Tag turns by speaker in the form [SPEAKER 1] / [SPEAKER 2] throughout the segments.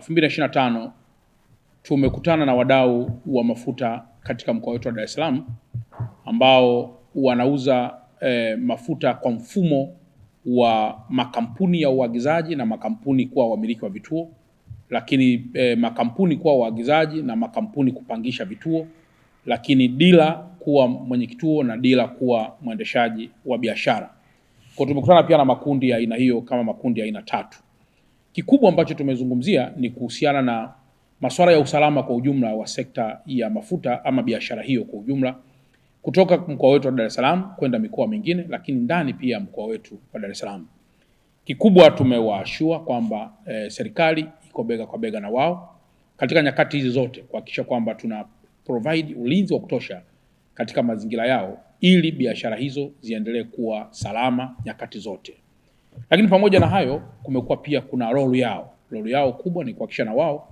[SPEAKER 1] 2025 tumekutana na wadau wa mafuta katika mkoa wetu wa Dar es Salaam ambao wanauza eh, mafuta kwa mfumo wa makampuni ya uagizaji na makampuni kuwa wamiliki wa vituo, lakini eh, makampuni kuwa waagizaji na makampuni kupangisha vituo, lakini dila kuwa mwenye kituo na dila kuwa mwendeshaji wa biashara. Kwa tumekutana pia na makundi ya aina hiyo kama makundi ya aina tatu. Kikubwa ambacho tumezungumzia ni kuhusiana na masuala ya usalama kwa ujumla wa sekta ya mafuta ama biashara hiyo kwa ujumla kutoka mkoa wetu wa Dar es Salaam kwenda mikoa mingine, lakini ndani pia mkoa wetu wa Dar es Salaam. Kikubwa tumewaashua kwamba e, serikali iko bega kwa bega na wao katika nyakati hizi zote kuhakikisha kwamba tuna provide ulinzi wa kutosha katika mazingira yao ili biashara hizo ziendelee kuwa salama nyakati zote. Lakini pamoja na hayo, kumekuwa pia kuna rolu yao, Rolu yao kubwa ni kuhakikisha na wao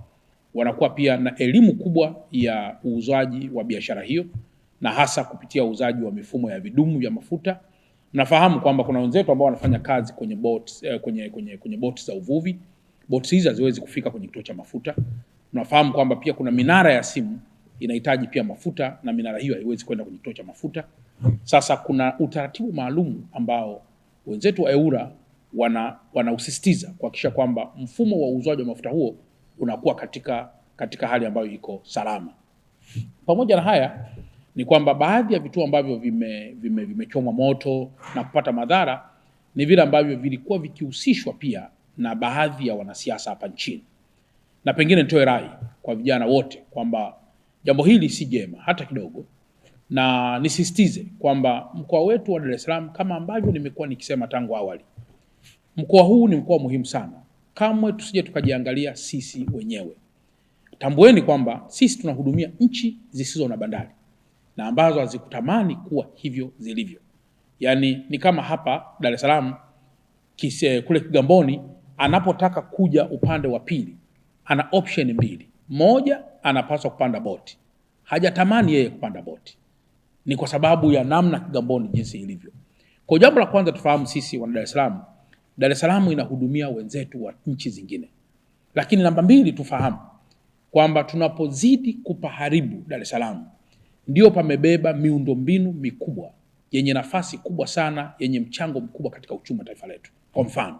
[SPEAKER 1] wanakuwa pia na elimu kubwa ya uuzaji wa biashara hiyo, na hasa kupitia uuzaji wa mifumo ya vidumu vya mafuta. Nafahamu kwamba kuna wenzetu ambao wanafanya kazi kwenye bot, eh, kwenye, kwenye, kwenye bot za uvuvi. Bot hizi haziwezi kufika kwenye kituo cha mafuta. Nafahamu kwamba pia kuna minara ya simu inahitaji pia mafuta na minara hiyo haiwezi kwenda kwenye kituo cha mafuta. Sasa kuna utaratibu maalum ambao wenzetu wa EWURA wanausisitiza wana kuhakikisha kwamba mfumo wa uuzwaji wa mafuta huo unakuwa katika, katika hali ambayo iko salama. Pamoja na haya ni kwamba baadhi ya vituo ambavyo vimechomwa vime, vime moto na kupata madhara ni vile ambavyo vilikuwa vikihusishwa pia na baadhi ya wanasiasa hapa nchini, na pengine nitoe rai kwa vijana wote kwamba jambo hili si jema hata kidogo, na nisisitize kwamba mkoa wetu wa Dar es Salaam kama ambavyo nimekuwa nikisema tangu awali Mkoa huu ni mkoa muhimu sana, kamwe tusije tukajiangalia sisi wenyewe. Tambueni kwamba sisi tunahudumia nchi zisizo na bandari na ambazo hazikutamani kuwa hivyo zilivyo. Yaani ni kama hapa Dar es Salaam kule Kigamboni, anapotaka kuja upande wa pili ana option mbili. Moja, anapaswa kupanda boti, hajatamani yeye kupanda boti, ni kwa sababu ya namna Kigamboni jinsi ilivyo. Kwa jambo la kwanza tufahamu sisi wana Dar es Salaam Dar es Salaam inahudumia wenzetu wa nchi zingine. Lakini namba mbili, tufahamu kwamba tunapozidi kupaharibu Dar es Salaam ndio pamebeba miundombinu mikubwa yenye nafasi kubwa sana yenye mchango mkubwa katika uchumi wa taifa letu. Kwa mfano,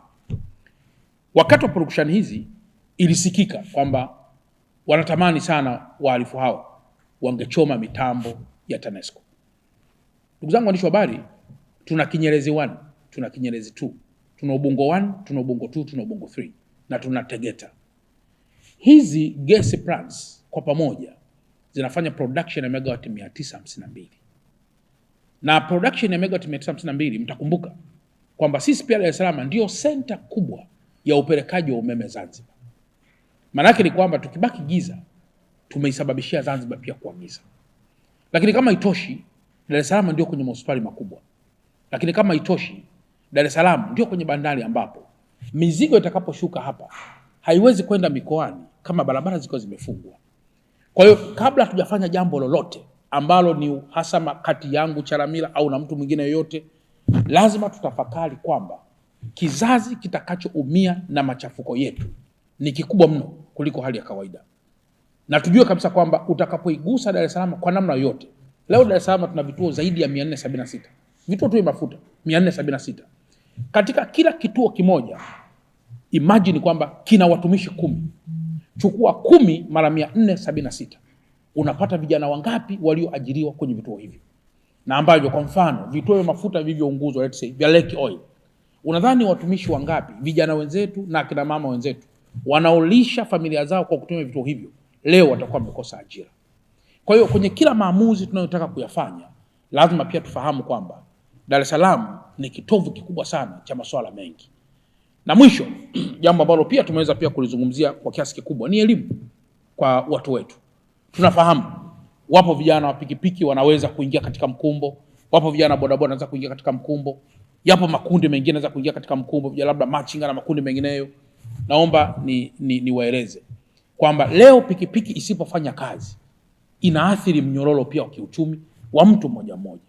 [SPEAKER 1] wakati wa production hizi ilisikika kwamba wanatamani sana wahalifu hao wangechoma mitambo ya TANESCO. Ndugu zangu waandishi wa habari, tuna Kinyerezi 1, tuna Kinyerezi tuna Ubongo 1, tuna Ubongo 2, tuna Ubongo 3 na tuna Tegeta. Hizi gas plants kwa pamoja zinafanya production ya megawatt 952 na production ya megawatt 952, mtakumbuka kwamba sisi pia Dar es Salaam ndio senta kubwa ya upelekaji wa umeme Zanzibar. Maanake ni kwamba tukibaki giza tumeisababishia Zanzibar pia kuwa giza. Lakini kama itoshi, Dar es Salaam ndio kwenye manispaa makubwa. Lakini kama itoshi, Dar es Salaam ndio kwenye bandari ambapo mizigo itakaposhuka hapa haiwezi kwenda mikoani kama barabara ziko zimefungwa. Kwa hiyo kabla hatujafanya jambo lolote ambalo ni uhasama kati yangu Chalamila au na mtu mwingine yoyote, lazima tutafakari kwamba kizazi kitakachoumia na machafuko yetu ni kikubwa mno kuliko hali ya kawaida, na tujue kabisa kwamba utakapoigusa Dar es Salaam kwa namna yoyote, leo Dar es Salaam tuna vituo zaidi ya 476 vituo tu vya mafuta 476 katika kila kituo kimoja, imajini kwamba kina watumishi kumi. Chukua kumi mara mia nne sabini na sita unapata vijana wangapi walioajiriwa kwenye vituo hivyo na ambavyo, kwa mfano, vituo vya mafuta vilivyounguzwa, vya Lake Oil, unadhani watumishi wangapi vijana wenzetu na akina mama wenzetu wanaolisha familia zao kwa kutumia vituo hivyo leo watakuwa wamekosa ajira? Kwa hiyo kwenye kila maamuzi tunayotaka kuyafanya lazima pia tufahamu kwamba Dar es Salaam ni kitovu kikubwa sana cha masuala mengi. Na mwisho jambo ambalo pia tumeweza pia kulizungumzia kwa kiasi kikubwa ni elimu kwa watu wetu. Tunafahamu wapo vijana wa pikipiki wanaweza kuingia katika mkumbo, wapo vijana bodaboda wanaweza kuingia katika mkumbo, yapo makundi mengine yanaweza kuingia katika mkumbo, labda machinga na makundi mengineyo. Naomba ni, ni, waeleze kwamba leo pikipiki isipofanya kazi inaathiri mnyororo pia wa kiuchumi wa mtu mmoja mmoja.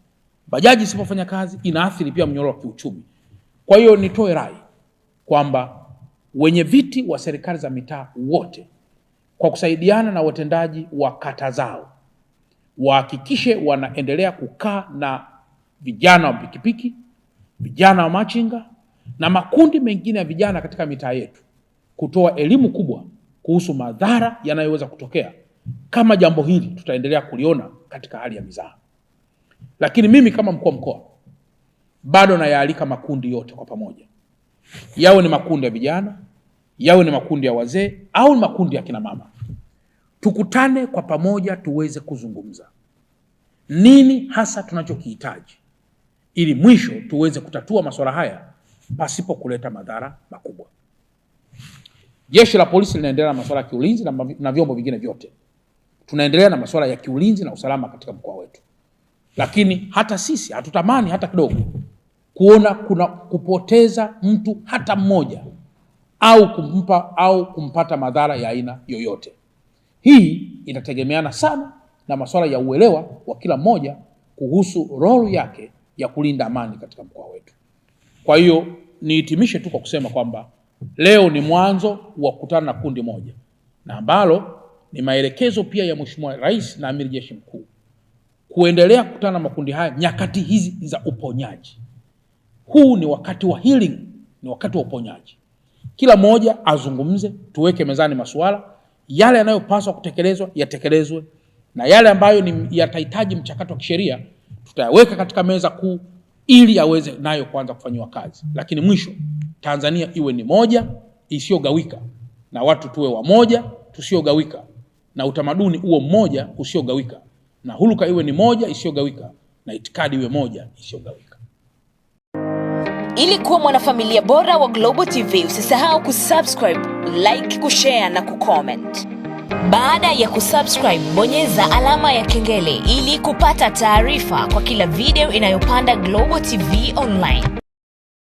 [SPEAKER 1] Bajaji isipofanya kazi inaathiri pia mnyororo wa kiuchumi. Kwa hiyo nitoe rai kwamba wenye viti wa serikali za mitaa wote kwa kusaidiana na watendaji wa kata zao wahakikishe wanaendelea kukaa na vijana wa pikipiki, vijana wa machinga na makundi mengine ya vijana katika mitaa yetu, kutoa elimu kubwa kuhusu madhara yanayoweza kutokea kama jambo hili tutaendelea kuliona katika hali ya mizaa. Lakini mimi kama mkuu wa mkoa bado nayaalika makundi yote kwa pamoja, yawe ni makundi ya vijana, yawe ni makundi ya wazee au ni makundi ya kina mama, tukutane kwa pamoja tuweze kuzungumza nini hasa tunachokihitaji ili mwisho tuweze kutatua masuala haya pasipo kuleta madhara makubwa. Jeshi la polisi linaendelea na masuala ya kiulinzi na vyombo vingine vyote, tunaendelea na masuala ya kiulinzi na usalama katika mkoa wetu lakini hata sisi hatutamani hata kidogo kuona kuna kupoteza mtu hata mmoja au kumpa au kumpata madhara ya aina yoyote. Hii inategemeana sana na masuala ya uelewa wa kila mmoja kuhusu rolu yake ya kulinda amani katika mkoa wetu. Kwa hiyo nihitimishe tu kwa kusema kwamba leo ni mwanzo wa kukutana na kundi moja na ambalo ni maelekezo pia ya Mheshimiwa Rais na Amiri Jeshi Mkuu kuendelea kukutana na makundi haya nyakati hizi za uponyaji. Huu ni wakati wa healing, ni wakati wa uponyaji. Kila mmoja azungumze, tuweke mezani masuala yale yanayopaswa kutekelezwa yatekelezwe, na yale ambayo ni yatahitaji mchakato wa kisheria tutayaweka katika meza kuu ili yaweze nayo kuanza kufanyiwa kazi. Lakini mwisho, Tanzania iwe ni moja isiyogawika, na watu tuwe wamoja tusiogawika, na utamaduni uo mmoja usiogawika na huluka iwe ni moja isiyogawika na itikadi iwe moja isiyogawika.
[SPEAKER 2] Ili kuwa mwanafamilia bora wa Global TV, usisahau kusubscribe, like, kushare na kucomment. Baada ya kusubscribe, bonyeza alama ya kengele ili kupata taarifa kwa kila video inayopanda Global TV Online.